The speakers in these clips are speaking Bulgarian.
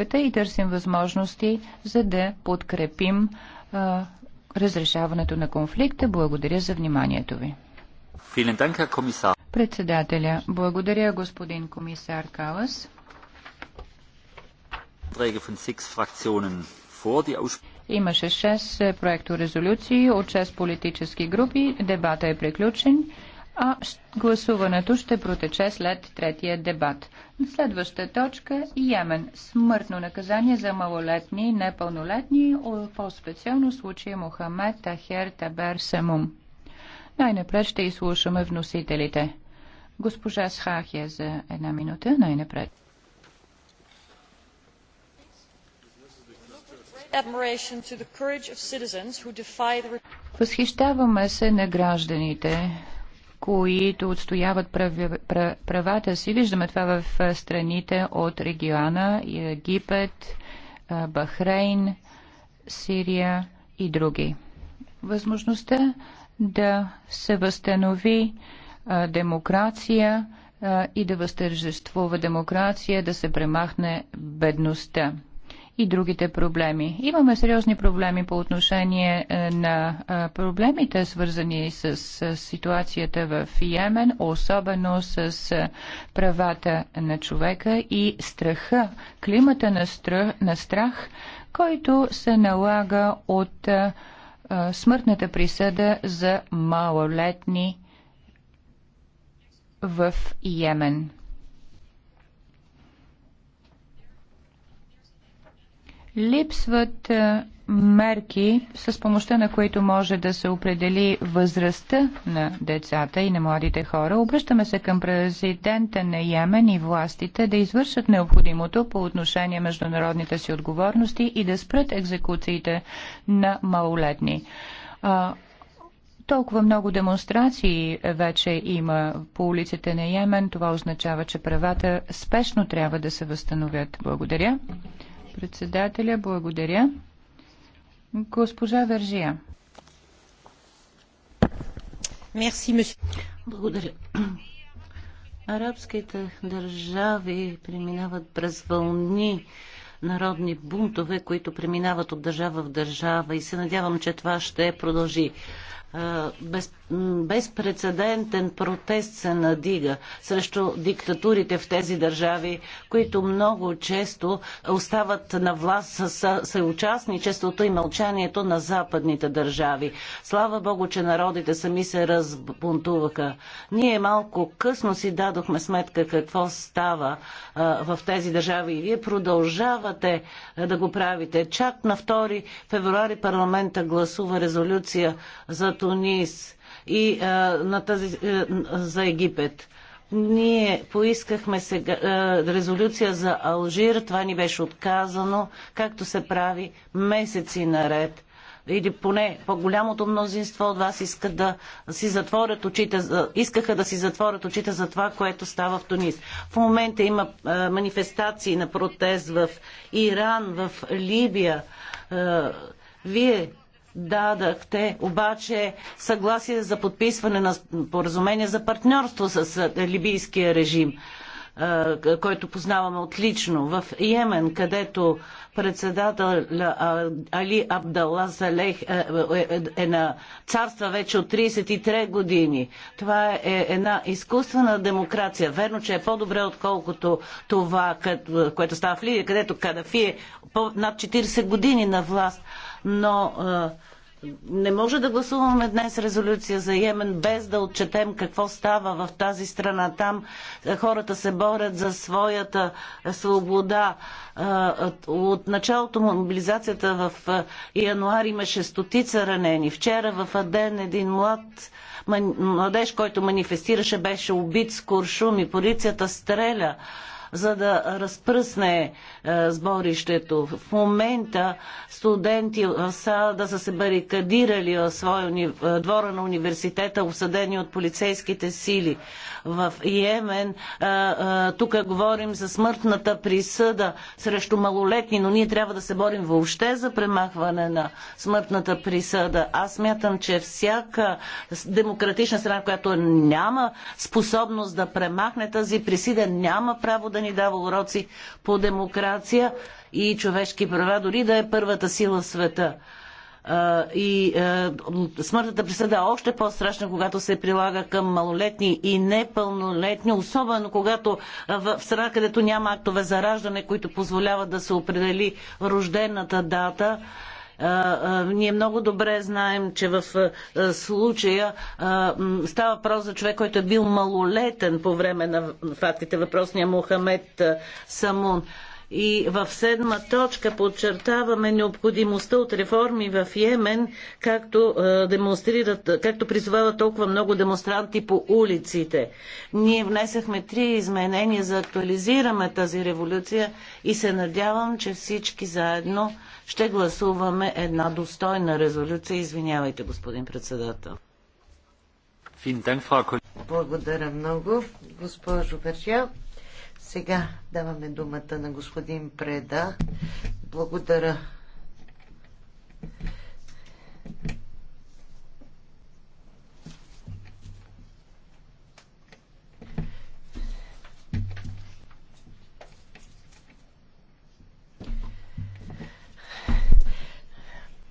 обстановката и търсим възможности, за да подкрепим а, разрешаването на конфликта. Благодаря за вниманието ви. Председателя, благодаря господин комисар Калас. Имаше 6 е, проекто резолюции от 6 политически групи. Дебата е приключен а гласуването ще протече след третия дебат. Следваща точка – Йемен. Смъртно наказание за малолетни и непълнолетни, по-специално случая Мохамед Тахер Табер Семум. Най-напред ще изслушаме вносителите. Госпожа Схахия за една минута, най-напред. Възхищаваме се на гражданите, които отстояват правата си. Виждаме това в страните от региона Египет, Бахрейн, Сирия и други. Възможността да се възстанови демокрация и да възтържествува демокрация, да се премахне бедността и другите проблеми. Имаме сериозни проблеми по отношение е, на е, проблемите, свързани с е, ситуацията в Йемен, особено с правата на човека и страха, климата на страх, на страх който се налага от смъртната присъда за малолетни в Йемен. Липсват е, мерки, с помощта на които може да се определи възрастта на децата и на младите хора. Обръщаме се към президента на Йемен и властите да извършат необходимото по отношение международните си отговорности и да спрат екзекуциите на малолетни. Толкова много демонстрации вече има по улиците на Йемен. Това означава, че правата спешно трябва да се възстановят. Благодаря. Председателя, благодаря. Госпожа Вержия. Благодаря. Арабските държави преминават през вълни народни бунтове, които преминават от държава в държава и се надявам, че това ще продължи без, безпредседентен протест се надига срещу диктатурите в тези държави, които много често остават на власт с съучастничеството и мълчанието на западните държави. Слава Богу, че народите сами се разбунтуваха. Ние малко късно си дадохме сметка какво става а, в тези държави и вие продължавате а, да го правите. Чак на 2 февруари парламента гласува резолюция за това. Тунис и а, на тази а, за Египет. Ние поискахме сега, а, резолюция за Алжир, това ни беше отказано, както се прави месеци наред. Или поне по-голямото мнозинство от вас иска да си затворят очите, искаха да си затворят очите за това, което става в Тунис. В момента има а, манифестации на протест в Иран, в Либия. А, вие дадахте обаче съгласие за подписване на поразумение за партньорство с либийския режим, който познаваме отлично. В Йемен, където председател Али Абдалла Салех е, е, е, е на царства вече от 33 години. Това е една изкуствена демокрация. Верно, че е по-добре, отколкото това, което става в Лидия, където Кадафи е над 40 години на власт но не може да гласуваме днес резолюция за Йемен без да отчетем какво става в тази страна. Там хората се борят за своята свобода. От началото мобилизацията в януари имаше стотица ранени. Вчера в Аден един млад младеж, който манифестираше, беше убит с куршум и полицията стреля за да разпръсне е, сборището. В момента студенти е, са да са се барикадирали в е, своя двора на университета, обсъдени от полицейските сили. В Йемен тук говорим за смъртната присъда срещу малолетни, но ние трябва да се борим въобще за премахване на смъртната присъда. Аз мятам, че всяка демократична страна, която няма способност да премахне тази присъда, няма право да ни дава уроци по демокрация и човешки права, дори да е първата сила в света. И смъртната присъда е още по-страшна, когато се прилага към малолетни и непълнолетни, особено когато в страна, където няма актове за раждане, които позволяват да се определи рождената дата ние много добре знаем, че в случая става въпрос за човек, който е бил малолетен по време на фактите, въпросния Мохамед Самун. И в седма точка подчертаваме необходимостта от реформи в Йемен, както, е, демонстрират, както призовават толкова много демонстранти по улиците. Ние внесахме три изменения за актуализираме тази революция и се надявам, че всички заедно ще гласуваме една достойна резолюция. Извинявайте, господин председател. Благодаря много, госпожо Вержал. Сега даваме думата на господин Преда. Благодаря.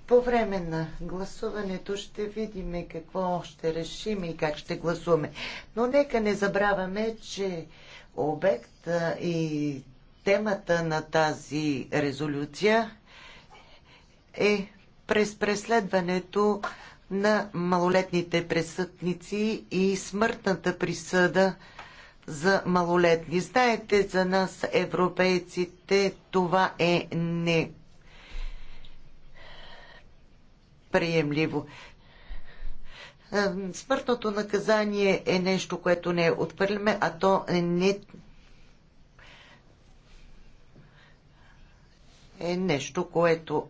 По време на гласуването ще видим какво ще решим и как ще гласуваме. Но нека не забравяме, че Обект и темата на тази резолюция е през преследването на малолетните престъпници и смъртната присъда за малолетни. Знаете, за нас, европейците, това е неприемливо. Смъртното наказание е нещо, което не отпърляме, а то е не е нещо, което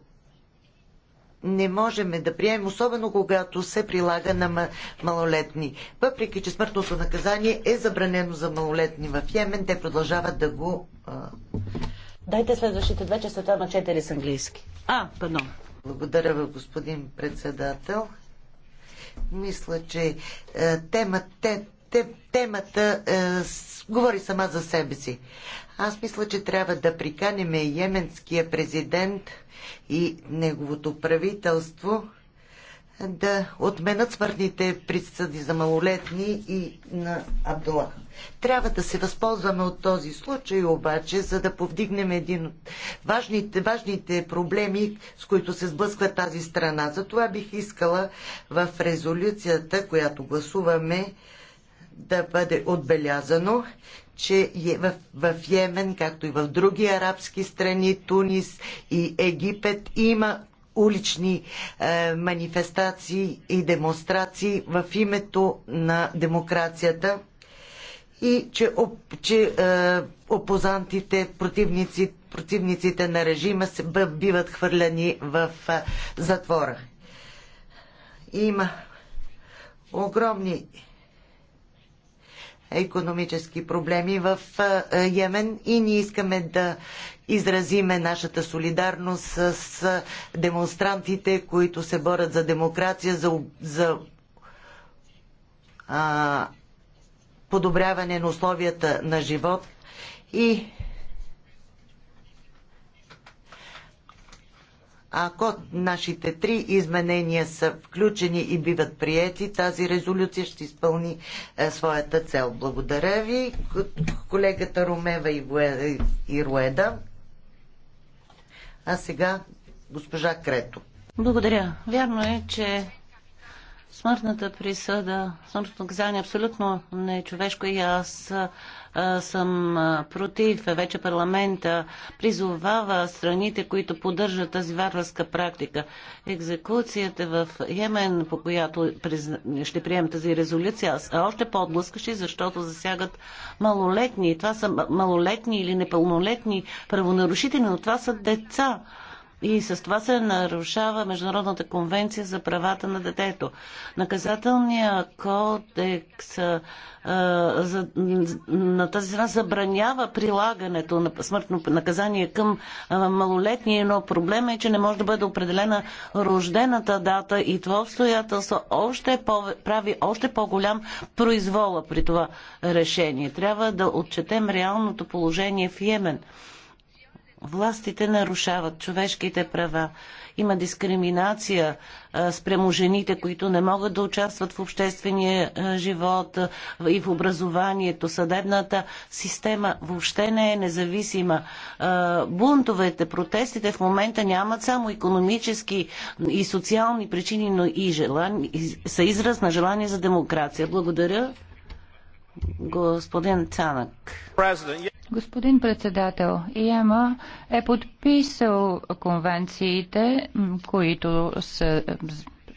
не можем да приемем, особено когато се прилага на малолетни. Въпреки, че смъртното наказание е забранено за малолетни в Йемен, те продължават да го... Дайте следващите две това на четири с английски. А, пардон. Благодаря ви, господин председател. Мисля, че е, темата, те, те, темата е, с, говори сама за себе си. Аз мисля, че трябва да приканеме йеменския президент и неговото правителство да отменят смъртните присъди за малолетни и на Абдула. Трябва да се възползваме от този случай обаче, за да повдигнем един от важните, важните проблеми, с които се сблъсква тази страна. Затова бих искала в резолюцията, която гласуваме, да бъде отбелязано, че е в, в Йемен, както и в други арабски страни, Тунис и Египет, има улични е, манифестации и демонстрации в името на демокрацията и че, оп, че е, опозантите, противници, противниците на режима се биват хвърляни в е, затвора. Има огромни економически проблеми в Йемен и ние искаме да изразиме нашата солидарност с демонстрантите, които се борят за демокрация, за, за а, подобряване на условията на живот и Ако нашите три изменения са включени и биват приети, тази резолюция ще изпълни е, своята цел. Благодаря ви, колегата Ромева и Руеда. А сега госпожа Крето. Благодаря. Вярно е, че смъртната присъда, смъртното наказание е човешко и аз съм против. Вече парламента призовава страните, които поддържат тази варварска практика. Екзекуцията в Йемен, по която ще приемем тази резолюция, е още по-отблъскащи, защото засягат малолетни. Това са малолетни или непълнолетни правонарушители, но това са деца и с това се нарушава Международната конвенция за правата на детето. Наказателният кодекс а, за, на тази страна забранява прилагането на смъртно наказание към а, малолетни, но проблема е, че не може да бъде определена рождената дата и това обстоятелство още е по, прави още по-голям произвола при това решение. Трябва да отчетем реалното положение в Йемен. Властите нарушават човешките права. Има дискриминация спрямо жените, които не могат да участват в обществения живот и в образованието. Съдебната система въобще не е независима. Бунтовете, протестите в момента нямат само економически и социални причини, но и желани... са израз на желание за демокрация. Благодаря, господин Цанък. Господин председател, ИЕМА е подписал конвенциите, които са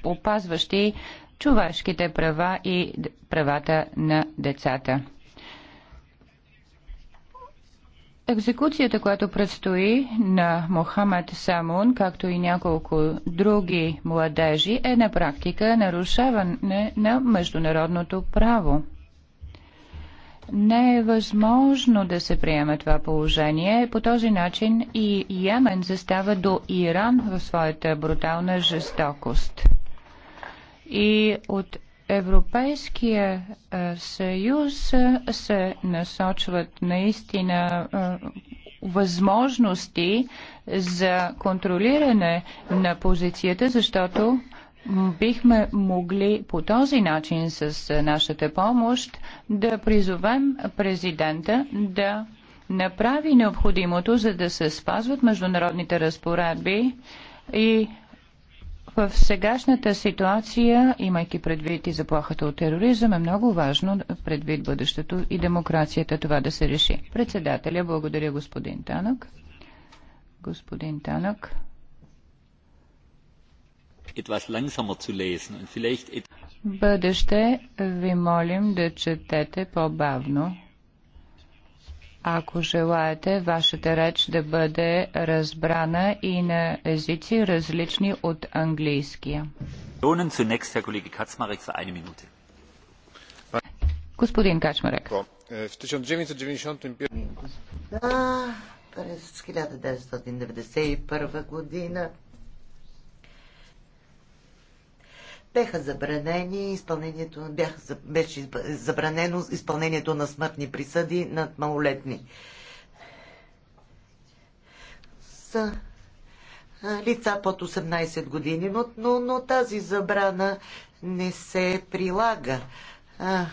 опазващи човешките права и правата на децата. Екзекуцията, която предстои на Мохамед Самун, както и няколко други младежи, е на практика нарушаване на международното право не е възможно да се приеме това положение. По този начин и Йемен застава до Иран в своята брутална жестокост. И от Европейския съюз се насочват наистина възможности за контролиране на позицията, защото бихме могли по този начин с нашата помощ да призовем президента да направи необходимото, за да се спазват международните разпоредби и в сегашната ситуация, имайки предвид и заплахата от тероризъм, е много важно предвид бъдещето и демокрацията това да се реши. Председателя, благодаря господин Танък. Господин Танък. Бъдеще ви молим да четете по-бавно. Ако желаете вашата реч да бъде разбрана и на езици различни от английския. Господин Качмарек. Е, да, през 1991 година беха забранени изпълнението, бяха, беше забранено изпълнението на смъртни присъди над малолетни. С лица под 18 години, но, но, но тази забрана не се прилага. А,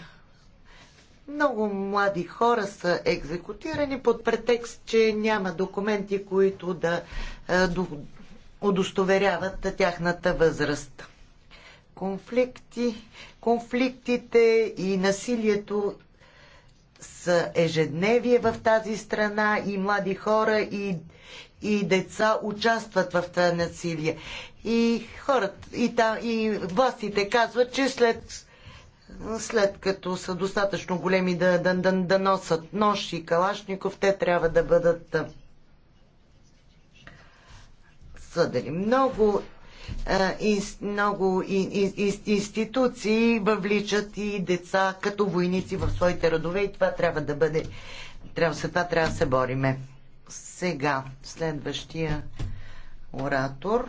много млади хора са екзекутирани под претекст, че няма документи, които да а, до, удостоверяват тяхната възраст конфликти, конфликтите и насилието са ежедневие в тази страна и млади хора и, и деца участват в това насилие. И хората, и, та, и властите казват, че след, след като са достатъчно големи да, да, да, да носят нож и калашников, те трябва да бъдат съдени. Много много институции въвличат и деца като войници в своите родове и това трябва да бъде. Трябва, това трябва да се бориме. Сега, следващия оратор.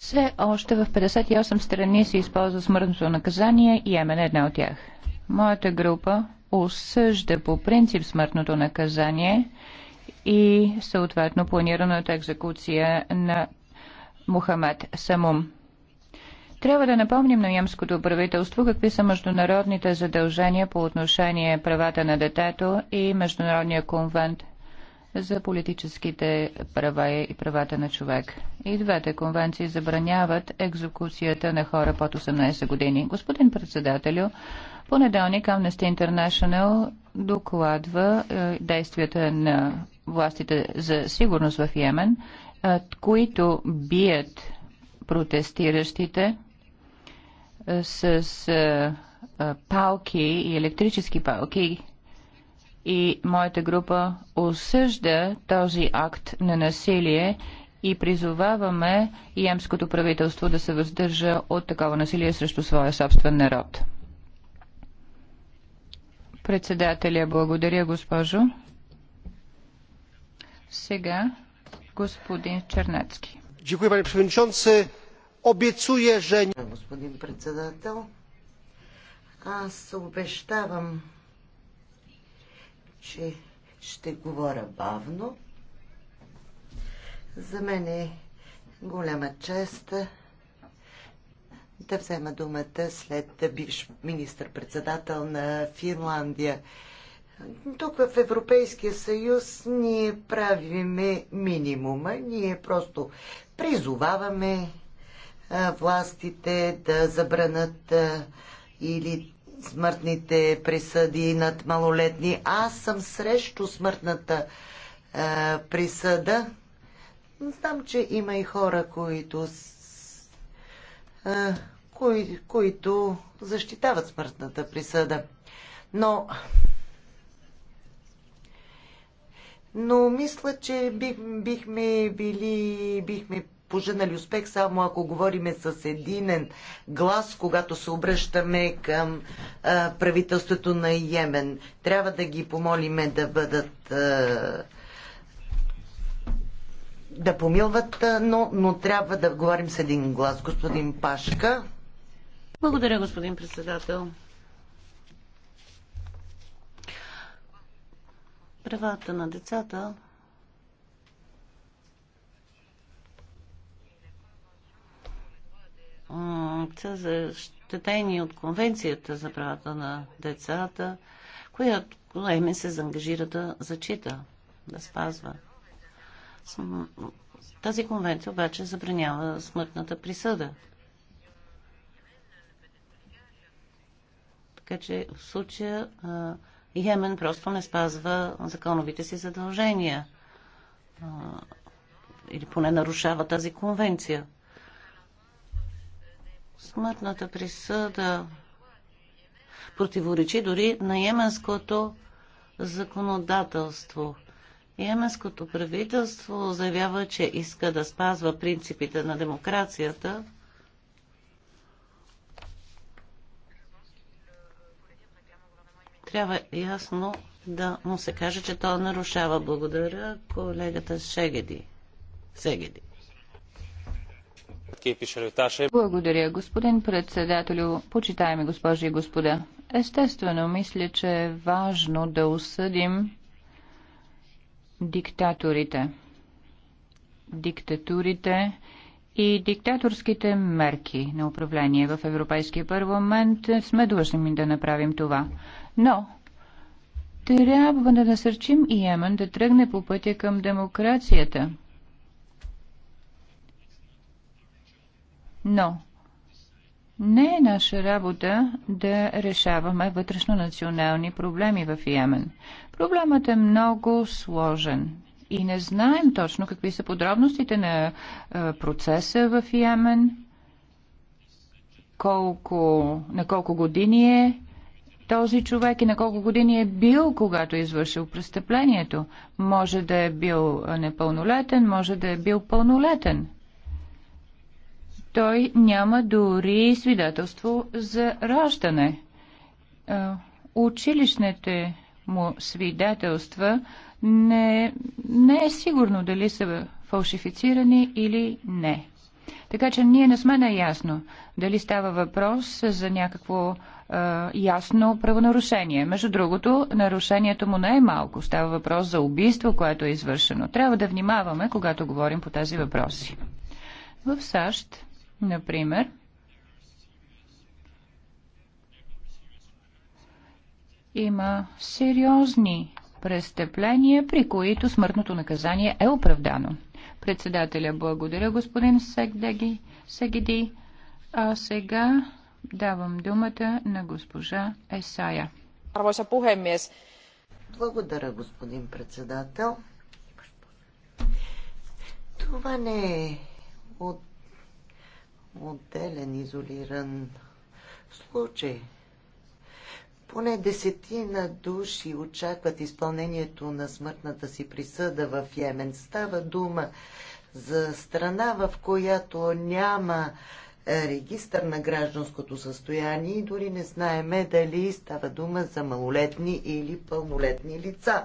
Все още в 58 страни се използва смъртното наказание и Йемен е една от тях. Моята група осъжда по принцип смъртното наказание и съответно планираната екзекуция на Мухамед Самум. Трябва да напомним на ямското правителство какви са международните задължения по отношение правата на детето и Международния конвент за политическите права и правата на човек. И двете конвенции забраняват екзекуцията на хора под 18 години. Господин председателю, понеделник Amnesty International докладва е, действията на властите за сигурност в Йемен, които бият протестиращите с палки и електрически палки. И моята група осъжда този акт на насилие и призоваваме Йемското правителство да се въздържа от такова насилие срещу своя собствен народ. Председателя, благодаря, госпожо. Сега господин Чернецки. Дякую, пане председател. Господин председател, аз обещавам, че ще говоря бавно. За мен е голяма чест да взема думата след бивш министър-председател на Финландия. Тук в Европейския съюз ние правиме минимума, ние просто призоваваме властите да забранат или смъртните присъди над малолетни. Аз съм срещу смъртната присъда. Знам, че има и хора, които, кои, които защитават смъртната присъда. Но но мисля, че бих, бихме били, бихме поженали успех само ако говориме с единен глас, когато се обръщаме към а, правителството на Йемен. Трябва да ги помолиме да бъдат а, да помилват, но, но трябва да говорим с един глас. Господин Пашка. Благодаря, господин председател. Правата на децата са защитени от Конвенцията за правата на децата, която Леме се заангажира да зачита, да спазва. Тази конвенция обаче забранява смъртната присъда. Така че в случая и Йемен просто не спазва законовите си задължения. Или поне нарушава тази конвенция. Смъртната присъда противоречи дори на йеменското законодателство. Йеменското правителство заявява, че иска да спазва принципите на демокрацията – трябва ясно да му се каже, че то нарушава. Благодаря колегата Шегеди. Сегеди. Благодаря, господин председателю, почитаеми госпожи и господа. Естествено, мисля, че е важно да осъдим диктаторите. Диктатурите и диктаторските мерки на управление в Европейския парламент сме длъжни да направим това. Но трябва да насърчим и Йемен да тръгне по пътя към демокрацията. Но не е наша работа да решаваме вътрешно-национални проблеми в Йемен. Проблемът е много сложен и не знаем точно какви са подробностите на е, процеса в Йемен, колко, на колко години е този човек и на колко години е бил, когато е извършил престъплението. Може да е бил непълнолетен, може да е бил пълнолетен. Той няма дори свидетелство за раждане. Училищните му свидетелства не, не е сигурно дали са фалшифицирани или не. Така че ние не сме наясно дали става въпрос за някакво ясно правонарушение. Между другото, нарушението му не е малко. Става въпрос за убийство, което е извършено. Трябва да внимаваме, когато говорим по тези въпроси. В САЩ, например, има сериозни престъпления, при които смъртното наказание е оправдано. Председателя благодаря господин Сегдеги, Сегеди. А сега Давам думата на госпожа Есая. Arvoisa puhemies. Благодаря, господин председател. Това не е от... отделен, изолиран случай. Поне десетина души очакват изпълнението на смъртната си присъда в Йемен. Става дума за страна, в която няма регистър на гражданското състояние и дори не знаеме дали става дума за малолетни или пълнолетни лица.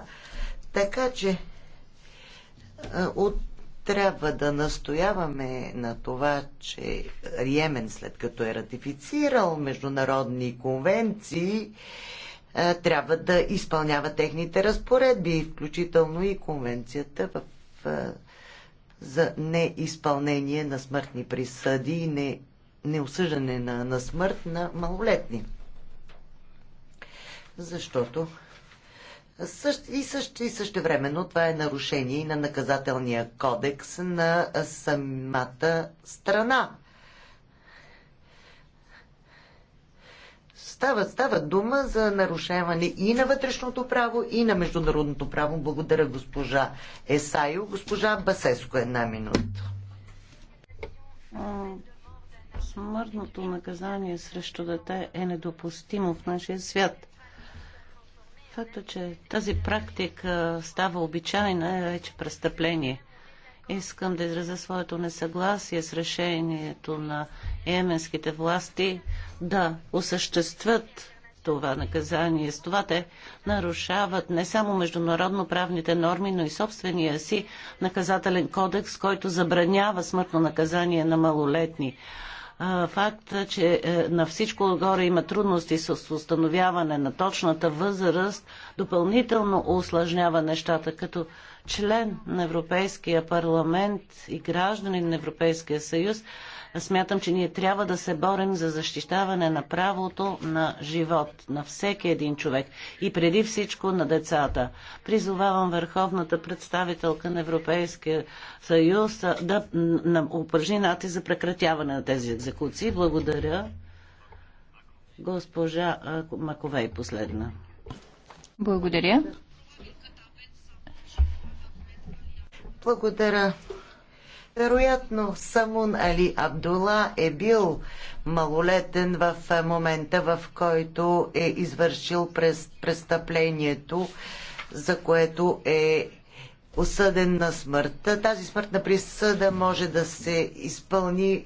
Така че от трябва да настояваме на това, че Риемен, след като е ратифицирал международни конвенции, трябва да изпълнява техните разпоредби, включително и конвенцията в, за неизпълнение на смъртни присъди и не неосъждане на, на смърт на малолетни. Защото и, също, и също времено това е нарушение на наказателния кодекс на самата страна. Става, става дума за нарушаване и на вътрешното право, и на международното право. Благодаря госпожа Есайо. Госпожа Басеско, една минута. Смъртното наказание срещу дете е недопустимо в нашия свят. Факта, че тази практика става обичайна, е вече престъпление. Искам да изразя своето несъгласие с решението на еменските власти да осъществят това наказание. С това те нарушават не само международно правните норми, но и собствения си наказателен кодекс, който забранява смъртно наказание на малолетни факта, че е, на всичко отгоре има трудности с установяване на точната възраст, допълнително осложнява нещата. Като член на Европейския парламент и гражданин на Европейския съюз, смятам, че ние трябва да се борим за защищаване на правото на живот на всеки един човек и преди всичко на децата. Призовавам върховната представителка на Европейския съюз да упражни нати за прекратяване на тези екзекуции. Благодаря. Госпожа Маковей последна. Благодаря. Благодаря. Вероятно Самун Али Абдула е бил малолетен в момента, в който е извършил престъплението, за което е осъден на смърт. Тази смъртна присъда може да се изпълни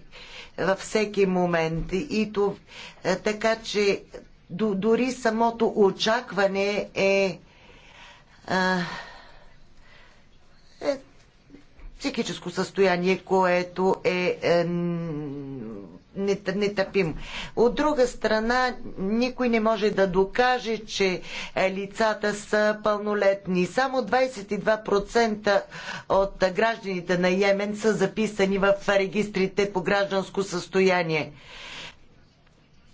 във всеки момент. И то, е, така че дори самото очакване е, е, е психическо състояние, което е, е нетъпим. От друга страна, никой не може да докаже, че е, лицата са пълнолетни. Само 22% от гражданите на Йемен са записани в регистрите по гражданско състояние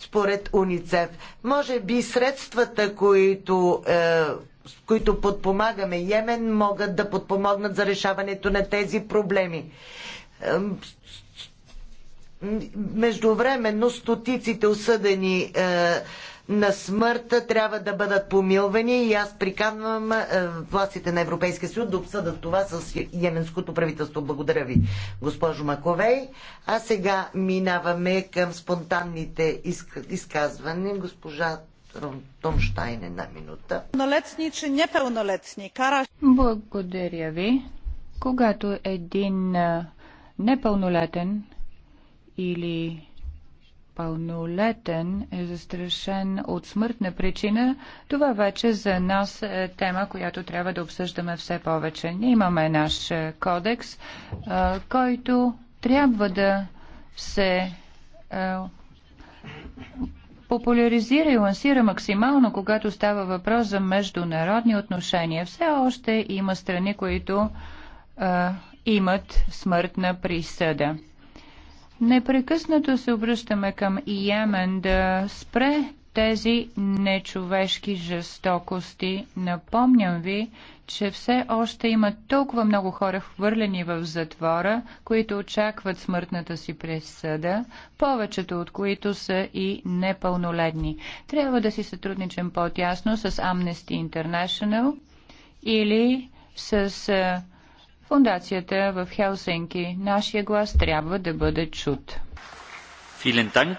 според УНИЦЕФ. Може би средствата, които е, с които подпомагаме Йемен, могат да подпомогнат за решаването на тези проблеми. Междувременно стотиците осъдени е, на смърт трябва да бъдат помилвани и аз приканвам е, властите на Европейския съюз да обсъдат това с йеменското правителство. Благодаря ви, госпожо Маковей. А сега минаваме към спонтанните изказвания. Госпожа една минута. Благодаря ви. Когато един непълнолетен или пълнолетен е застрашен от смъртна причина, това вече за нас е тема, която трябва да обсъждаме все повече. Ние имаме наш кодекс, който трябва да се популяризира и лансира максимално, когато става въпрос за международни отношения. Все още има страни, които а, имат смъртна присъда. Непрекъснато се обръщаме към Йемен да спре тези нечовешки жестокости. Напомням ви, че все още има толкова много хора хвърлени в затвора, които очакват смъртната си присъда, повечето от които са и непълнолетни. Трябва да си сътрудничам по-тясно с Amnesty International или с фундацията в Хелсинки. Нашия глас трябва да бъде чут. Филентанк.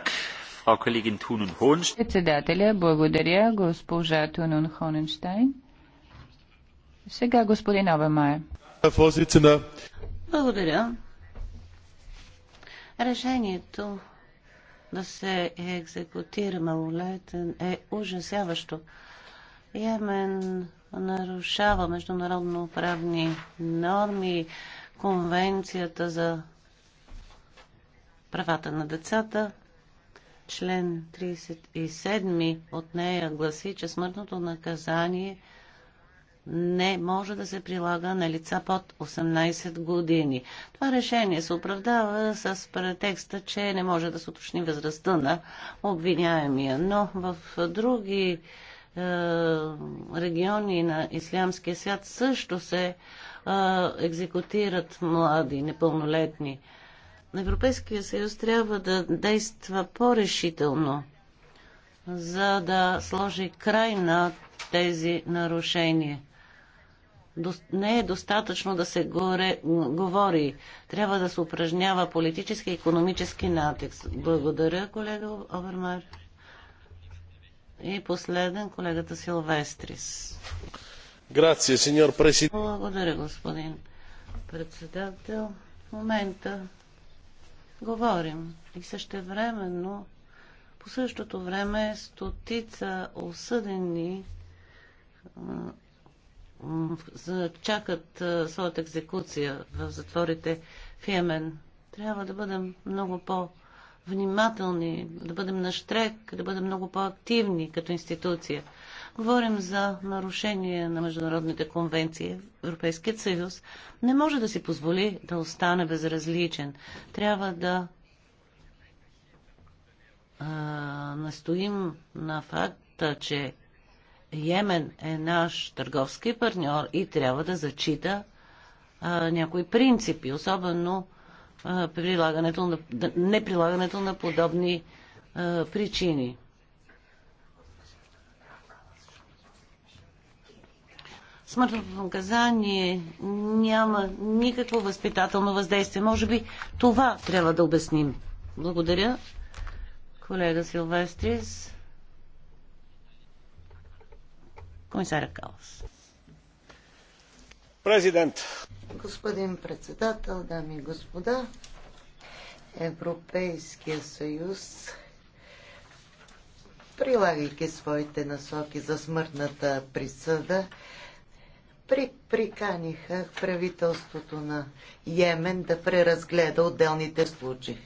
Председателя, благодаря, госпожа Тунун Хоненштайн. Сега господин Обемайер. Благодаря. Решението да се екзекутира малолетен е ужасяващо. Йемен нарушава международно правни норми, конвенцията за правата на децата – Член 37 от нея гласи, че смъртното наказание не може да се прилага на лица под 18 години. Това решение се оправдава с претекста, че не може да се уточни възрастта на обвиняемия. Но в други е, региони на ислямския свят също се е, екзекутират млади, непълнолетни. Е, Европейския съюз трябва да действа по-решително, за да сложи край на тези нарушения. Не е достатъчно да се горе, говори. Трябва да се упражнява политически и економически натекст. Благодаря, колега Овермар. И последен, колегата Силвестрис. Благодаря, господин председател. В момента говорим. И също но по същото време, стотица осъдени чакат своята екзекуция в затворите в Йемен. Трябва да бъдем много по-внимателни, да бъдем на штрек, да бъдем много по-активни като институция. Говорим за нарушение на международните конвенции. Европейският съюз не може да си позволи да остане безразличен. Трябва да а, настоим на факта, че Йемен е наш търговски партньор и трябва да зачита а, някои принципи, особено а, прилагането на, неприлагането на подобни а, причини. смъртното наказание няма никакво възпитателно въздействие. Може би това трябва да обясним. Благодаря, колега Силвестрис. Комисаря Калас. Президент. Господин председател, дами и господа, Европейския съюз прилагайки своите насоки за смъртната присъда, приканиха правителството на Йемен да преразгледа отделните случаи.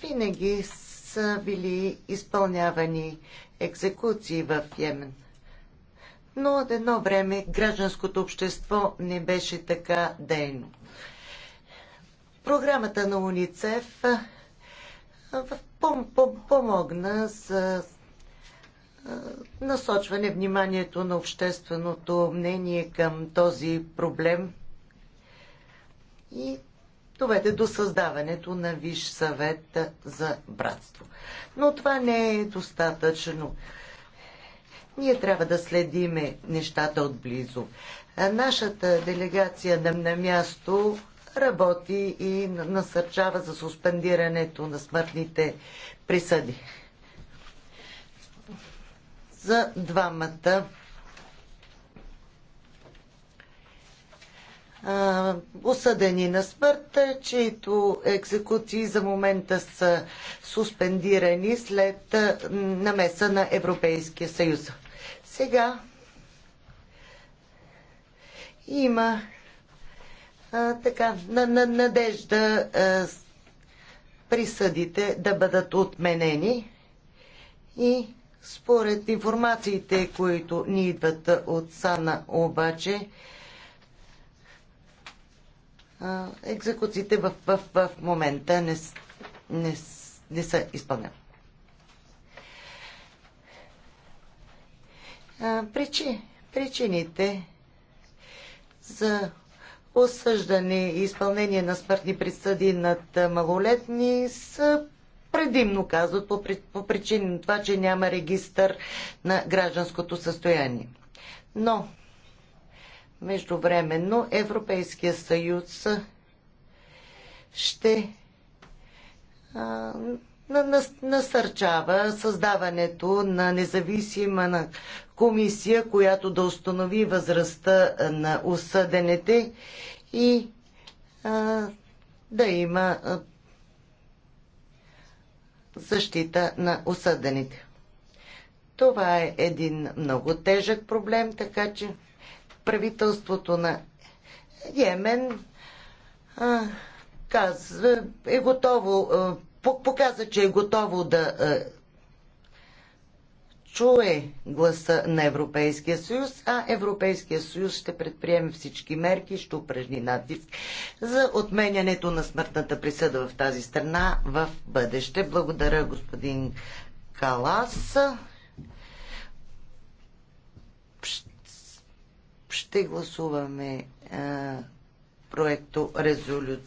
Винаги са били изпълнявани екзекуции в Йемен. Но от едно време гражданското общество не беше така дейно. Програмата на УНИЦЕФ помогна за насочване вниманието на общественото мнение към този проблем и доведе до създаването на Виш съвет за братство. Но това не е достатъчно. Ние трябва да следиме нещата отблизо. Нашата делегация на, на място работи и насърчава за суспендирането на смъртните присъди за двамата осъдени на смърт, чието екзекуции за момента са суспендирани след намеса на Европейския съюз. Сега има а, така на, на, надежда а, присъдите да бъдат отменени и според информациите, които ни идват от САНА, обаче, екзекуциите в, в, в момента не, не, не са изпълнени. Причи, причините за осъждане и изпълнение на смъртни присъди над малолетни са предимно казват по, по причина на това, че няма регистър на гражданското състояние. Но, междувременно, Европейския съюз ще а, насърчава създаването на независима комисия, която да установи възрастта на осъдените и а, да има защита на осъдените. Това е един много тежък проблем, така че правителството на Йемен а, каз, е готово, а, показа, че е готово да а, чуе гласа на Европейския съюз, а Европейския съюз ще предприеме всички мерки ще упражни натиск за отменянето на смъртната присъда в тази страна в бъдеще. Благодаря, господин Калас. Ще гласуваме проекто резолюция.